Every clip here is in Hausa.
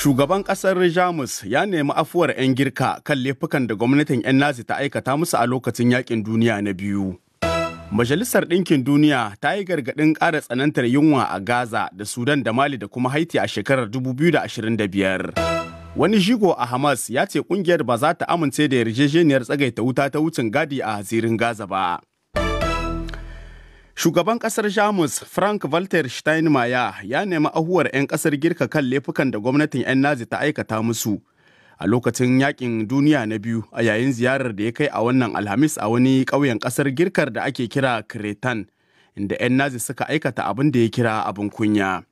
Shugaban ƙasar Jamus ya nemi afuwar 'yan girka kan laifukan da gwamnatin 'yan Nazi ta aikata musu a lokacin yakin duniya na biyu. Majalisar Ɗinkin Duniya ta yi gargaɗin ƙara tsanantar yunwa a Gaza da Sudan da Mali da kuma Haiti a shekarar 2025. Wani jigo a Hamas ya ce ƙungiyar ba za ta amince da yarjejeniyar tsagaita wuta ta wucin gadi a hasirin Gaza ba. Shugaban kasar Jamus Frank Walter Steinmeier ya nemi ahuwar 'yan kasar girka kan laifukan da gwamnatin 'yan Nazi ta aikata musu a lokacin yakin duniya na biyu a yayin ziyarar da ya kai a wannan Alhamis a wani ƙauyen kasar girkar da ake kira Cretan inda 'yan Nazi suka aikata abin da ya kira abin kunya.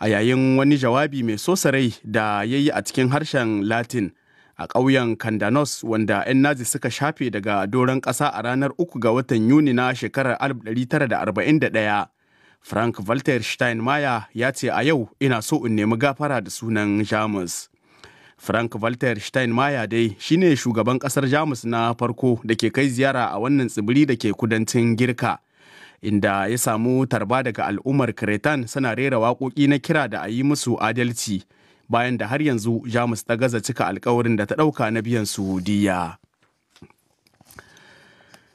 A yayin wani jawabi mai sosarai da ya yi a cikin harshen Latin. a ƙauyen Kandanos wanda 'yan Nazi suka shafe daga doron ƙasa a ranar uku ga watan Yuni na shekarar 1941. Frank Walter Steinmeier ya ce a yau ina so in nemi gafara da sunan Jamus. Frank Walter Steinmeier dai shine shugaban ƙasar Jamus na farko da ke kai ziyara a wannan tsibiri da ke kudancin Girka. Inda ya samu tarba daga al'ummar Cretan suna rera waƙoƙi na kira da a yi musu adalci. bayan da har yanzu jamus ta gaza cika alkawarin da ta ɗauka na biyan su diya.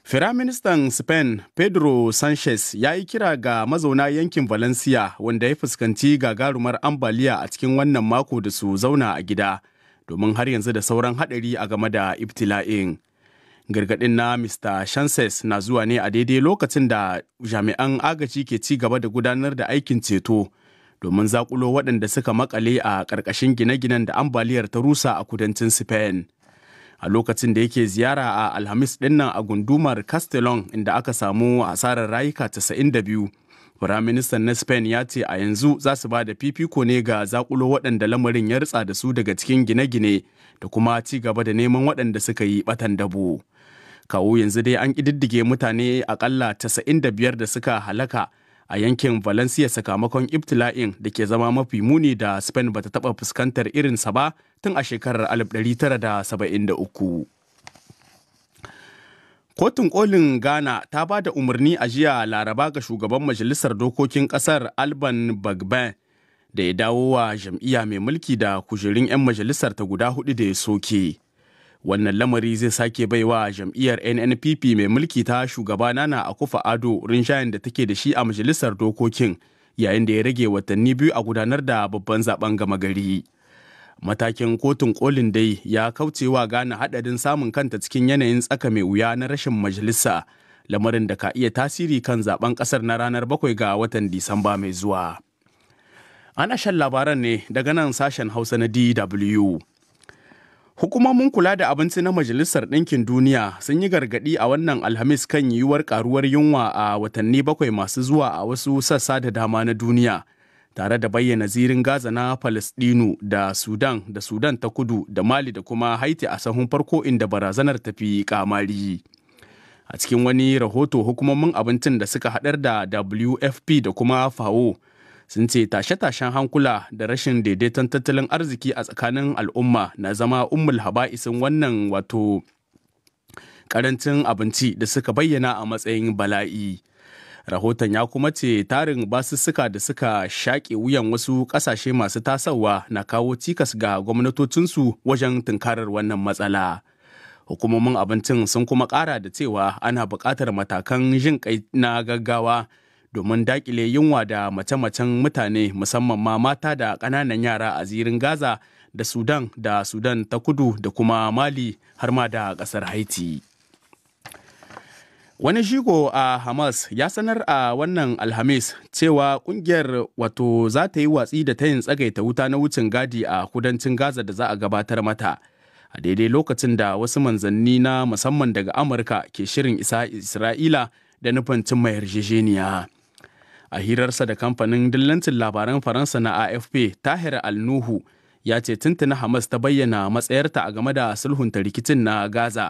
Firaministan Spain Pedro Sanchez ya yi kira ga mazauna yankin Valencia wanda ya fuskanci gagarumar ambaliya a cikin wannan mako da su zauna a gida domin har yanzu da sauran hadari a game da ibtila'in. gargadin na Mr. Sanchez na zuwa ne a daidai lokacin da jami'an agaji ke ci gaba da gudanar da aikin ceto domin zakulo waɗanda suka makale a ƙarƙashin gine-ginen da ambaliyar ta rusa a kudancin Spain. A lokacin da yake ziyara a Alhamis dinnan a gundumar Castellon inda aka samu asarar rayuka 92. Firaministan na Spain ya ce a yanzu za su ba da fifiko ne ga zakulo waɗanda lamarin ya ritsa da su daga cikin gine-gine da kuma ci gaba da neman waɗanda suka yi ɓatan dabo. Kawo yanzu dai an ƙididdige mutane aƙalla 95 da suka halaka a yankin valencia sakamakon ibtila'in da ke zama mafi muni da spain bata taba fuskantar irinsa ba tun a shekarar 1973 kotun kolin ghana ta ba da umarni a jiya laraba ga shugaban majalisar dokokin kasar alban bagben da ya dawo wa jam'iyya mai mulki da kujerun 'yan majalisar ta guda hudu da ya soke wannan lamari zai sake baiwa jam'iyyar nnpp mai mulki ta shugaba nana akufa ado shayin da take da shi a majalisar dokokin yayin da ya rage watanni biyu a gudanar da babban zaben gama gari matakin kotun kolin dai ya kaucewa gane haɗarin samun kanta cikin yanayin tsaka mai wuya na rashin majalisa lamarin da ka iya tasiri kan zaben ƙasar na ranar bakwai ga watan disamba mai zuwa ana shan labaran ne daga nan sashen hausa na dw Hukumomin kula da abinci na Majalisar Ɗinkin Duniya sun yi gargaɗi a wannan Alhamis kan yiwuwar ƙaruwar yunwa a watanni bakwai masu zuwa a wasu sassa da dama na duniya, tare da bayyana zirin Gaza na Falasɗinu da Sudan da Sudan ta kudu da Mali da kuma Haiti a sahun farko inda barazanar tafi kamari. A cikin wani rahoto hukumomin abincin da suka haɗar da WFP da kuma FAO sun ce tashe-tashen hankula da rashin daidaiton tattalin arziki a tsakanin al'umma na zama ummul haba'isin wannan wato karancin abinci da suka bayyana a matsayin bala'i. rahoton ya kuma ce tarin basussuka da suka shaƙe wuyan wasu ƙasashe masu tasawa na kawo cikas ga gwamnatocinsu wajen tunkarar wannan matsala hukumomin abincin sun kuma ƙara da cewa ana buƙatar matakan jin kai na gaggawa domin dakile yunwa da mace-macen mutane musamman ma mata da ƙananan yara a zirin Gaza da Sudan da Sudan ta kudu da kuma Mali har ma da ƙasar Haiti. Wani shigo a Hamas ya sanar a wannan Alhamis cewa kungiyar wato za ta yi watsi da tayin tsagaita wuta na wucin gadi a kudancin Gaza da za a gabatar mata. A daidai lokacin da wasu manzanni na musamman daga Amurka ke shirin isa Isra'ila da nufin cimma yarjejeniya. a hirarsa da kamfanin dillancin labaran faransa na afp tahir al-nuhu ya ce tuntuna hamas ta bayyana matsayarta a game da sulhunta rikicin na gaza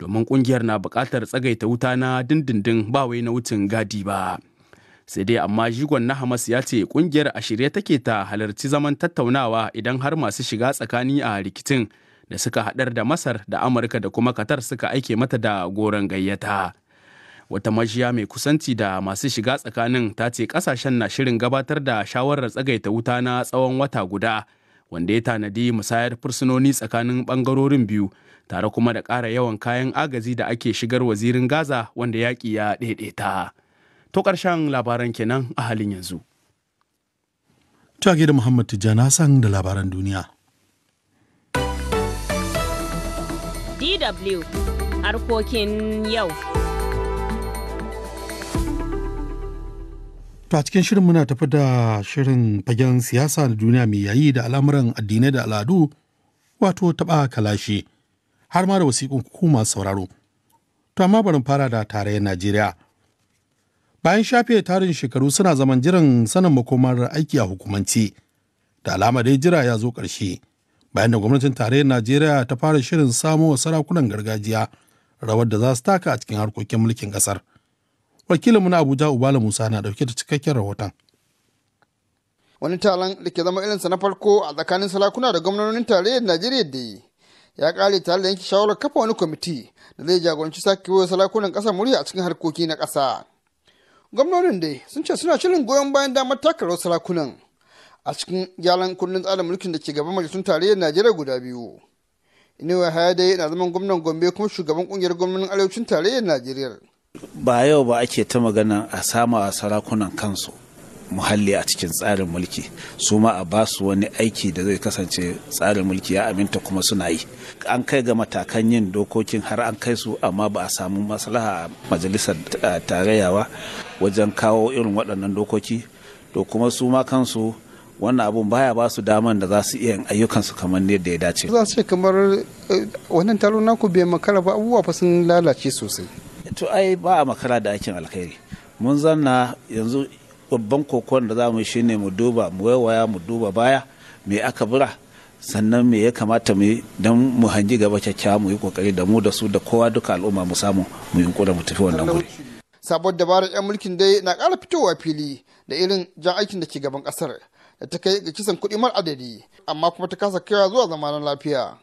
domin kungiyar na bukatar tsagaita wuta na dindindin ba wai na wucin gadi ba sai dai amma jigon na hamas ya ce kungiyar a shirye take ta halarci zaman tattaunawa idan har masu shiga tsakani a rikicin da suka hadar da masar da amurka da kuma qatar suka aike mata da goron gayyata wata majiya mai kusanci da masu shiga tsakanin ta ce kasashen na shirin gabatar da shawarar tsagaita wuta na tsawon wata guda wanda ya tanadi musayar fursunoni tsakanin bangarorin biyu tare kuma da kara yawan kayan agazi da ake shigar wazirin gaza wanda yaƙi ya ɗaiɗaita to ƙarshen labaran kenan a halin yanzu tage da muhammad san da labaran duniya dw harkokin yau To a cikin shirin muna tafi da shirin fagen siyasa na duniya mai yayi da al'amuran addinai da al'adu wato taɓa kalashi har ma da wasiƙun hukuma sauraro. To amma bari fara da tarayyar Najeriya. Bayan shafe tarin shekaru suna zaman jiran sanin makomar aiki a hukumanci da alama dai jira ya zo ƙarshe bayan da gwamnatin tarayyar Najeriya ta fara shirin samo sarakunan gargajiya rawar da za su taka a cikin harkokin mulkin ƙasar. wakilinmu na abuja ubala musa na dauke da cikakken rahoton wani talon da ke zama irinsa na farko a tsakanin salakuna da gwamnonin tarayyar najeriya da yi ya kare tare da yanke shawarar kafa wani kwamiti da zai jagoranci sake wa salakunan ƙasa murya a cikin harkoki na ƙasa gwamnonin dai sun ce suna shirin goyon bayan damar takarar salakunan a cikin gyaran kundin tsarin mulkin da ke gaban majalisun tarayyar najeriya guda biyu inuwa haya dai na zaman gwamnan gombe kuma shugaban kungiyar gwamnonin arewacin tarayyar najeriya ba yau ba ake ta magana a sama a sarakunan kansu muhalli a cikin tsarin mulki su ma a basu wani aiki da zai kasance tsarin mulki ya aminta kuma suna yi an kai ga matakan yin dokokin har an kai su amma ba a samu maslaha a majalisar tarayyawa wajen kawo irin waɗannan dokoki to kuma su ma kansu wannan abun baya ba su daman da za su iya ayyukansu kamar da ya dace za su ce kamar eh, wannan taro naku bai makara ba abubuwa fa sun lalace sosai to ai ba a makara da aikin alkhairi mun zanna yanzu babban kokon da za mu yi ne mu duba mu waya mu duba baya me aka bura sannan me ya kamata mu yi don mu hangi gaba kyakkyawa mu yi kokari da mu da su da kowa duka al'umma mu samu mu yi kura mu tafi wannan guri sabon dabarar 'yan mulkin dai na ƙara fitowa fili da irin jan aikin da ke gaban ƙasar da ta kai ga kisan kuɗi mar adadi amma kuma ta kasa kaiwa zuwa zamanin lafiya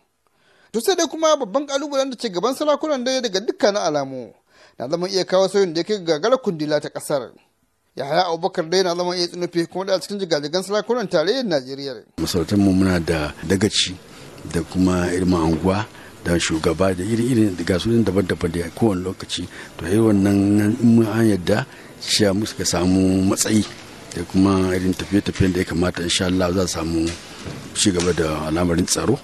to sai dai kuma babban ƙalubalen da ke gaban sarakunan dai daga dukkanin alamu na zama iya kawo sauyin da ya kai gagar kundila ta kasar yahaya abubakar dai na zama iya tsinufe kuma da cikin jigajigan sarakunan tarayyar najeriya masarautar mu muna da dagaci da kuma irin anguwa da shugaba da iri-iri gasu din daban-daban da kowane lokaci to yi wannan in an yadda shi mu suka samu matsayi da kuma irin tafiye-tafiyen da ya kamata insha Allah za samu shugaba da al'amarin tsaro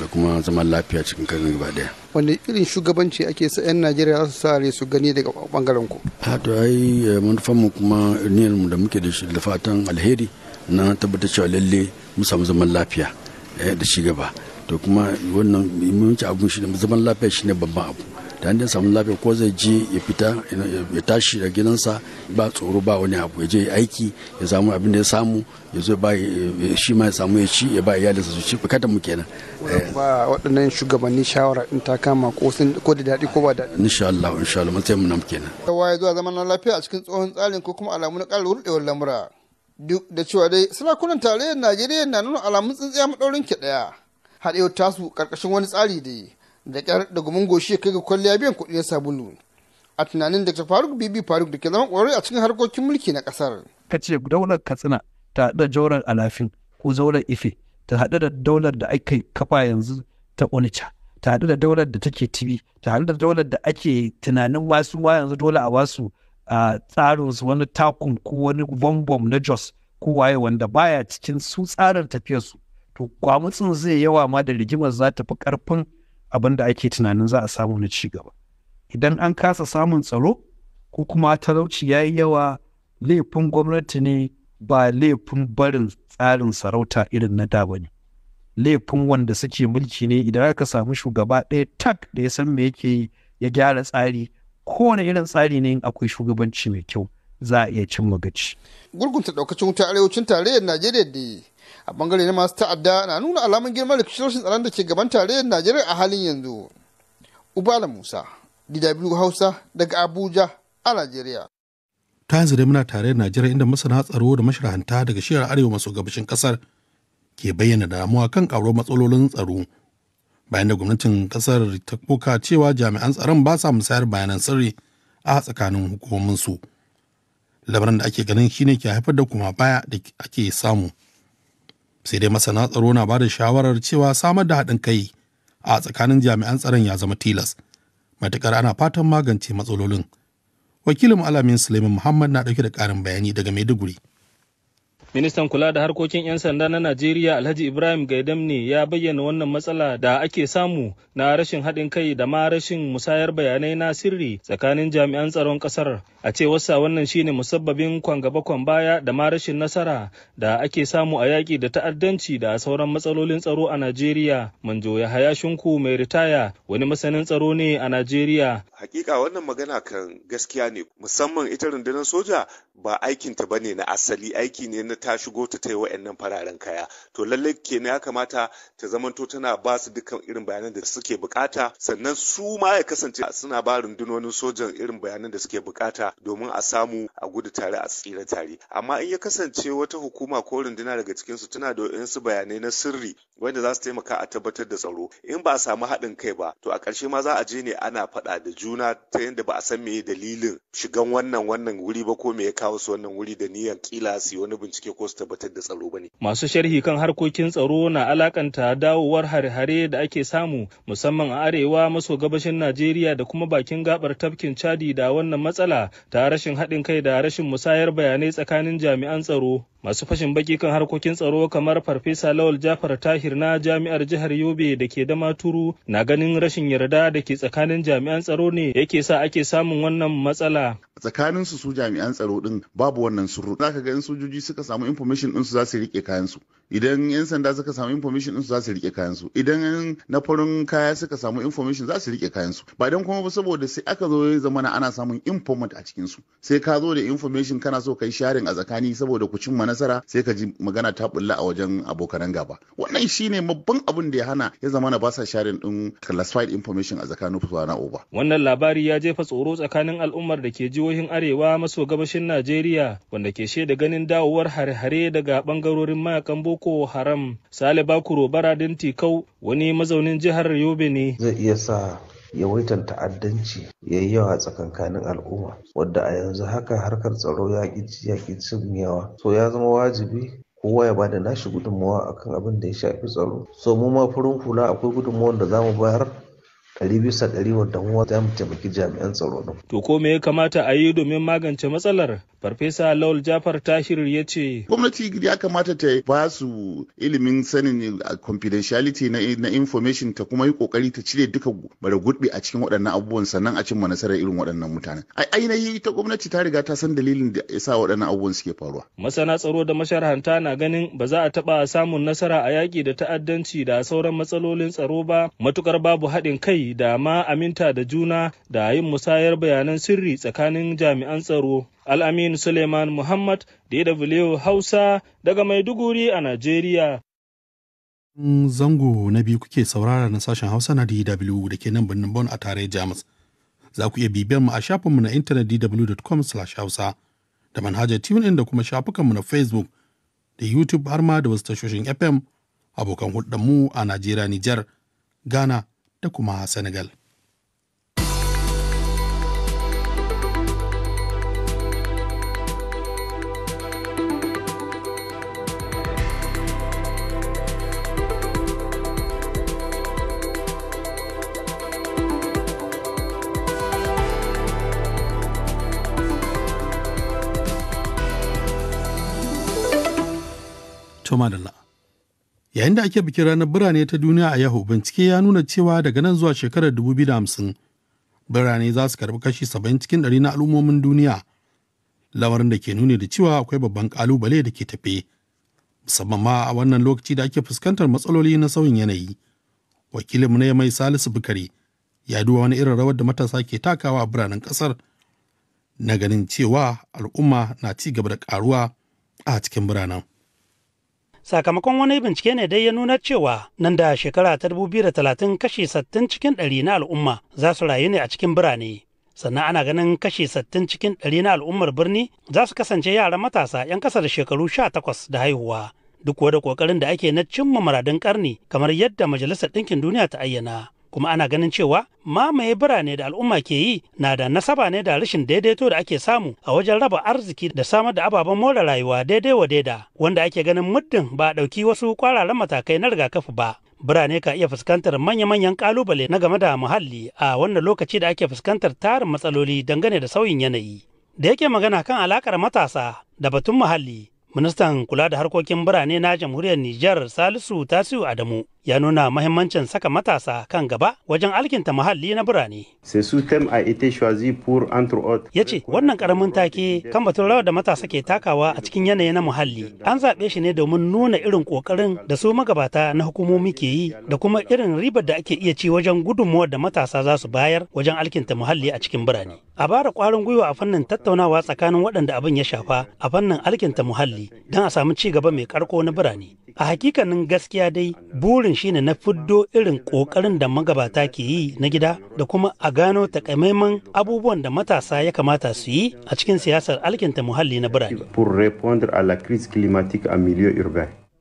da kuma zaman lafiya cikin kan gaba daya wani irin shugabanci ake sa 'yan najeriya za su sare su gani daga bangaren ku ha to ai eh, manufan mu kuma niyyar mu da muke da shi da fatan alheri na tabbatar cewa lalle mu samu zaman lafiya eh, da shi gaba to kuma wannan muhimmanci abun shi ne zaman lafiya shine babban abu da an samu lafiya ko zai je ya fita ya tashi da gidansa ba tsoro ba wani abu ya je ya aiki ya samu abin da ya samu ya zo ba shi ma ya samu ya ci ya ba iyalinsa su ci bukatar mu kenan ba waɗannan shugabanni shawara in ta kama ko ko da daɗi ko ba daɗi insha Allah insha Allah mun sai mu nan kenan kowa ya zuwa zaman lafiya a cikin tsohon tsarin ko kuma alamun na ƙarar rudewar lamura duk da cewa dai sarakunan tarayyar Najeriya na nuna alamun tsintsiya maɗaurin ki ɗaya har tasu ƙarƙashin wani tsari dai da kyar da gumin goshi ya kai ga kwalliya biyan kuɗi na sabulu a tunanin da ta faru bibi faru da ke zama ƙwararre a cikin harkokin mulki na ƙasar. ka ce daular katsina ta haɗa jauren alafin ko zauren ife ta haɗu da daular da ake kafa yanzu ta onitsha ta haɗu da daular da take tibi ta haɗu da daular da ake tunanin wasu ma yanzu dole a wasu a tsarin su wani takun ko wani bombom na jos ko waye wanda baya cikin su tsarin tafiyarsu to kwamutsin zai yawa ma da rigimar za ta fi ƙarfin abin da ake tunanin za a samu na ci gaba idan an kasa samun tsaro ko kuma talauci ya yi yawa laifin gwamnati ne ba laifin barin tsarin sarauta irin na da ba ne laifin wanda suke mulki ne idan aka samu shugaba ɗaya tak da ya san me yake yi ya gyara tsari kowane irin tsari ne akwai shugabanci mai kyau za a iya cin magaci. Gurgunta ɗaukacin wuta arewacin tarayyar Najeriya da a bangare na masu ta'adda na nuna alamun girman rikicin tsaron da ke gaban tarayyar najeriya a halin yanzu ubala musa dw hausa daga abuja a najeriya ta yanzu dai muna tare da najeriya inda masana tsaro da masharahanta daga shirar arewa maso gabashin kasar ke bayyana damuwa kan karo matsalolin tsaro bayan da gwamnatin kasar ta koka cewa jami'an tsaron ba sa musayar bayanan sirri a tsakanin hukumominsu labaran da ake ganin shine ke haifar da kuma baya da ake samu sai dai masana tsaro na ba da shawarar cewa samar da haɗin kai a tsakanin jami'an tsaron ya zama tilas matuƙar ana fatan magance matsalolin wakilin alamin suleiman muhammad na ɗauke da ƙarin bayani daga maiduguri Ministan kula da harkokin 'yan sanda na Najeriya Alhaji Ibrahim Gaidam ne ya bayyana wannan matsala da ake samu na rashin haɗin kai da ma rashin musayar bayanai na sirri tsakanin jami'an tsaron ƙasar. A ce wasa wannan shine musabbabin kwangaba kwan baya da ma rashin nasara da ake samu a yaƙi da ta'addanci da sauran matsalolin tsaro a Najeriya. Manjo ya haya Shinku mai ritaya wani masanin tsaro ne a Najeriya. Hakika wannan magana kan gaskiya ne musamman ita rundunar soja ba aikinta bane na asali aiki ne na ta shigo ta ta wa'annan fararen kaya to lallai kenan ya kamata ta zamanto tana ba su dukkan irin bayanan da suke bukata sannan su ma ya kasance suna ba rundunonin sojan irin bayanan da suke bukata domin a samu a gudu tare a tsira tare amma in ya kasance wata hukuma ko runduna daga cikin su tana da su bayanai na sirri wanda za su taimaka a tabbatar da tsaro in ba a samu haɗin kai ba to a ƙarshe ma za a je ne ana faɗa da juna ta yadda ba a san me dalilin shigan wannan wannan wuri ba ko me ya kawo su wannan wuri da niyan kila su yi wani bincike ko su tabbatar da tsaro ba Masu sharhi kan harkokin tsaro na alakanta dawowar hare-hare da ake samu musamman a arewa maso gabashin Najeriya da kuma bakin gabar tafkin Chadi da wannan matsala ta rashin haɗin kai da rashin musayar bayanai tsakanin jami'an tsaro. masu fashin baki kan harkokin tsaro kamar farfesa lawal jafar tahir na jami'ar jihar yobe da ke dama turu na ganin rashin yarda da ke tsakanin jami'an tsaro ne yake sa ake samun wannan matsala tsakanin su su jami'an tsaro din babu wannan surru zaka ga in sojoji suka samu information din su za su rike kayan su idan yan sanda suka samu information din su za su rike kayan su idan na farin kaya suka samu information za su rike kayan su ba dan kuma ba saboda sai aka zo ya zamana ana samun informant a cikin su sai ka zo da information kana so kai sharing a tsakani saboda ku cin nasara sai ka ji magana ta bulla a wajen abokanan gaba wannan shine babban abin da ya hana ya zama na basa sharing din classified information a tsakanin na oba wannan labari ya jefa tsoro tsakanin al'ummar da ke jihohin arewa maso gabashin Najeriya wanda ke shaida ganin dawowar hare-hare daga bangarorin mayakan Boko Haram Sale Bakuro Baradin Tikau wani mazaunin jihar Yobe ne zai iya sa yawaitar ta'addanci ya yi yawa tsakankanin al'umma wadda a yanzu haka harkar tsaro ya ƙi cinyewa so ya zama wajibi kowa ya bada nashi gudunmawa akan abin da ya shafi tsaro so ma furin hula akwai gudunmawar da zamu bayar ɗari bisa ɗari wanda za taimaki jami'an tsaro ɗin. To ko ya kamata a yi domin magance matsalar? Farfesa Lawal Jafar Tahir ya ce. Gwamnati ya kamata ta ba su ilimin sanin confidentiality na, information ta kuma yi kokari ta cire duka bara a cikin waɗannan abubuwan sannan a cin ma nasarar irin waɗannan mutane. A ainihi ta gwamnati ta riga ta san dalilin da ya sa waɗannan abubuwan suke faruwa. Masana tsaro da masharhanta na ganin ba za a taɓa samun nasara a yaƙi da ta'addanci da sauran matsalolin tsaro ba matukar babu haɗin kai da ma aminta da juna da yin musayar bayanan sirri tsakanin jami'an tsaro. Al'amin Suleiman Muhammad ya Hausa daga Maiduguri a Najeriya. Zango na biyu kuke saurara na sashen Hausa na DW da ke nan birnin Bon a tare Jamus. Za ku iya bibiyar mu a shafinmu na intanet dw.com/hausa da manhajar TuneIn da kuma shafukanmu na Facebook da YouTube har ma da wasu tashoshin FM abokan hulɗarmu a Najeriya, Nijar, Ghana da kuma Senegal. Toma da Yayin da ake bikin ranar birane ta duniya a Yahoo, bincike ya nuna cewa daga nan zuwa shekarar da hamsin birane za su karbi kashi 70 cikin ɗari na al'ummomin duniya. Lamarin da ke nuni da cewa akwai babban kalubale da ke tafe. Musamman ma a wannan lokaci da ake fuskantar matsaloli na sauyin yanayi. Wakilinmu na mai Salisu Bukari ya duba wani irin rawar da matasa ke takawa a biranen kasar na ganin cewa al'umma na ci gaba da karuwa a cikin biranen. sakamakon wani bincike ne dai ya nuna cewa nan da shekara ta 2030 kashi 60 cikin 100 na al'umma za su rayu ne a cikin birane sannan ana ganin kashi 60 cikin 100 na al'ummar birni za su kasance yara matasa 'yan kasa da shekaru 18 da haihuwa duk da kokarin da ake na cimma muradin karni kamar yadda majalisar ɗinkin duniya ta ayyana kuma ana ganin cewa mamaye birane da al'umma ke yi na da nasaba ne da rashin daidaito da ake samu a wajen raba arziki da samar da ababen more rayuwa daidai wa daida wanda ake ganin muddin ba a ɗauki wasu kwararan matakai na rigakafi ba birane ka iya fuskantar manya-manyan kalubale na game da muhalli a wannan lokaci da ake fuskantar tarin matsaloli dangane da sauyin yanayi da yake magana kan alakar matasa da batun muhalli ministan kula da harkokin birane na jamhuriyar Nijar Salisu Tasiu Adamu ya nuna mahimmancin saka matasa kan gaba wajen alkinta muhalli na birane. Ya ce wannan karamin take kan batun rawar da matasa ke takawa a cikin yanayi na muhalli an zaɓe shi ne domin nuna irin ƙoƙarin da su magabata na hukumomi ke yi da kuma irin ribar da ake iya ci wajen gudunmuwar da matasa za su bayar wajen alkinta muhalli a cikin birane. A bara ƙwarin gwiwa a fannin tattaunawa tsakanin waɗanda abin ya shafa a fannin alkinta muhalli don a samu ci gaba mai ƙarko na birane. A hakikanin gaskiya dai burin shine na fiddo irin ƙoƙarin da magabata ke yi na gida da kuma a gano takamaiman abubuwan da matasa ya kamata su yi a cikin siyasar alkinta muhalli na birane.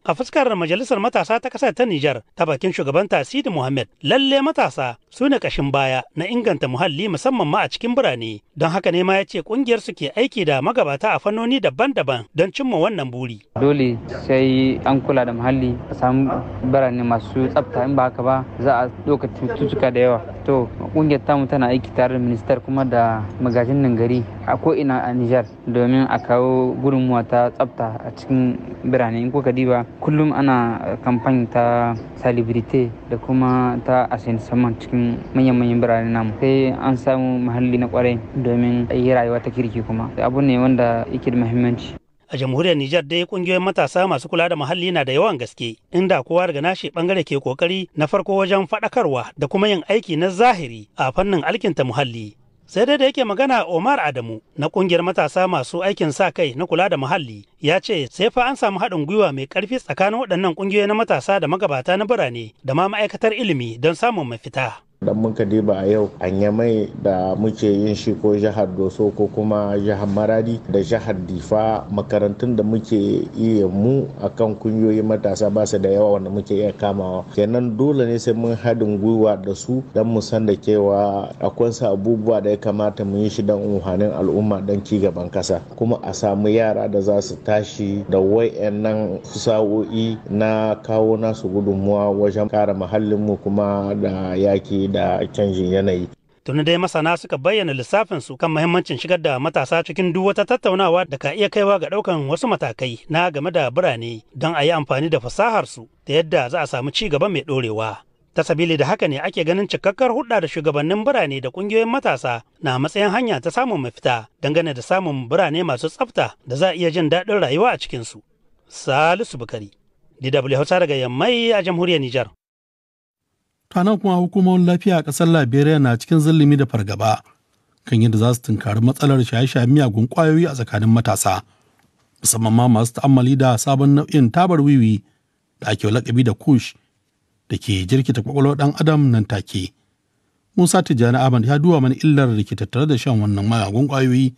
A fuskar majalisar matasa ta ƙasar ta Nijar ta bakin shugaban tasidi Mohammed lalle matasa su ne kashin baya na inganta muhalli musamman ma a cikin birane don haka ne ma ya ce ƙungiyar su ke aiki da magabata a fannoni daban-daban don cimma wannan buri. dole sai an kula da muhalli a samu birane masu tsafta in ba haka ba za a ɗauka cututtuka da yawa to ƙungiyar tamu tana aiki tare da ministar kuma da magajin nan gari a ko'ina a nijar domin a kawo gudunmuwa ta tsafta a cikin birane in kuka diba kullum ana kamfani ta salibrite da kuma ta saman cikin manyan-manyan birane namu sai an samu muhalli na kwarai domin yi rayuwa ta kirki kuma abu ne wanda yake da muhimmanci a jamhuriyar Nijar dai kungiyoyin matasa masu kula da muhalli na da yawan gaske inda kowa daga nashi bangare ke kokari na farko wajen faɗakarwa da kuma yin aiki na zahiri a fannin alkinta muhalli sai dai da yake magana Omar Adamu na kungiyar matasa masu aikin sa kai na kula da muhalli ya ce sai fa an samu haɗin gwiwa mai ƙarfi tsakanin waɗannan kungiyoyi na matasa da magabata na birane da ma ma'aikatar ilimi don samun mafita. dan muka diba a yau an mai da muke yin shi ko jihar doso ko kuma jihar maradi da jihar difa makarantun da muke iya mu akan kungiyoyin matasa ba su da yawa wanda muke iya kamawa kenan dole ne sai mun haɗin gwiwa da su dan mu san da cewa akwai abubuwa da ya kamata mu yi shi dan umhanin al'umma dan ci gaban kasa kuma a samu yara da za su tashi da wayannan sa'o'i na kawo nasu gudunmuwa wajen kare muhallinmu kuma da yaki da canjin yanayi. Tuni dai masana suka bayyana lissafin su kan mahimmancin shigar da matasa cikin duk wata tattaunawa da ka iya kaiwa ga ɗaukan wasu matakai na game da birane don a yi amfani da fasahar su ta yadda za a samu ci gaba mai ɗorewa. ta sabili da haka ne ake ganin cikakkar hudda da shugabannin birane da kungiyoyin matasa na matsayin hanya ta samun mafita dangane da samun birane masu tsafta da za a iya jin daɗin rayuwa a cikinsu. Salisu Bukari, DW Hausa daga Yammai a jamhuriyar Nijar. tanan kuma hukumomin lafiya a ƙasar liberia na cikin zulumi da fargaba kan yadda za su tunkari matsalar shaye-shayen miyagun ƙwayoyi a tsakanin matasa musamman ma masu ta'ammali da sabon nau'in tabar wiwi da ake lakabi da kush da ke jirkita kwakwalwar dan adam nan take musa tijjani ahmad ya duba mana illar da ke tattare da shan wannan miyagun ƙwayoyi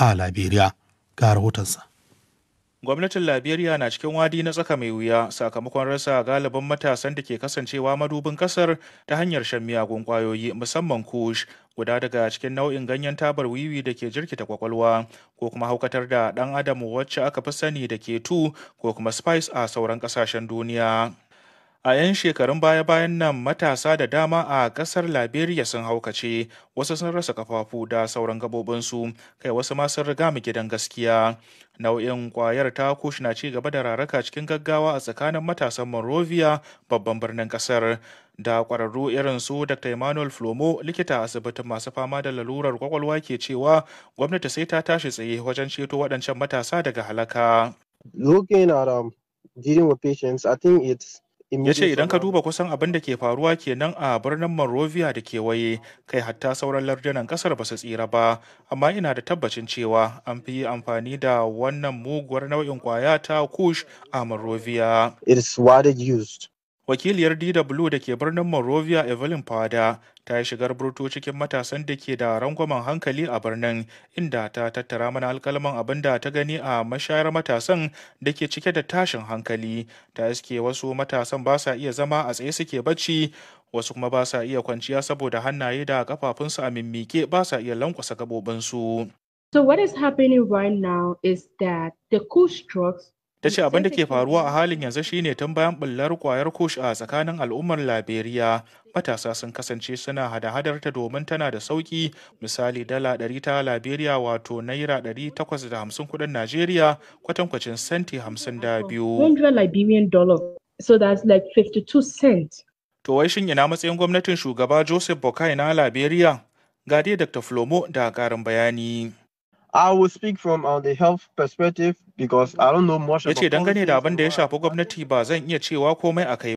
a liberia ga rahotonsa Gwamnatin Liberia na cikin wadi na tsaka mai wuya sakamakon rasa galibin matasan da ke kasancewa madubin kasar ta hanyar shan miyagun kwayoyi musamman kush guda daga cikin nau'in ganyen tabar wiwi da ke jirkita kwakwalwa ko kuma haukatar da ɗan adam wacce aka fi sani da ke tu ko kuma spice a sauran ƙasashen duniya. A 'yan shekarun baya-bayan nan matasa da dama a ƙasar Liberia sun haukace, wasu sun rasa kafafu da sauran gabobinsu, kai wasu ma sun riga mu gidan gaskiya. Nau'in kwayar ta kush na ci gaba da raraka cikin gaggawa a tsakanin matasan Monrovia babban birnin ƙasar. da kwararru irin su Dr. Emmanuel Flomo likita asibitin masu fama da lalurar kwakwalwa ke cewa gwamnati sai ta tashi tsaye wajen ceto waɗancan matasa daga halaka. Looking at um, dealing with patients, I think it's ya ce idan ka duba kusan abin da ke faruwa kenan a birnin monrovia da kewaye kai hatta sauran lardunan kasar ba su tsira ba amma ina da tabbacin cewa an fi amfani da wannan muguwar nau'in kwaya ta kush a monrovia it is used Wakiliyar DW da ke birnin Monrovia Evelyn Fada ta yi shigar burto cikin matasan da ke da rangwamen hankali a birnin inda ta tattara mana alkalman abin da ta gani a mashayar matasan da ke cike da tashin hankali ta iske wasu matasan ba sa iya zama a tsaye suke bacci wasu kuma ba sa iya kwanciya saboda hannaye da kafafunsu a mimmike ba sa iya lankwasa gabobinsu. So what is happening right now is that the coup strokes ta ce abin da ke faruwa a halin yanzu shine tun bayan bullar kwayar kush a tsakanin al'ummar liberia matasa sun kasance suna hada-hadar ta domin tana da sauki misali dala 100 ta liberia wato naira 850 kudin najeriya kwatankwacin senti 52 so that's to wai shin ina matsayin gwamnatin shugaba joseph bokai na liberia ga dai dr flomo da karin bayani I will speak from uh, the health perspective because I don't know much about. Yace dangane da abin da ya shafi gwamnati ba zan iya cewa komai akai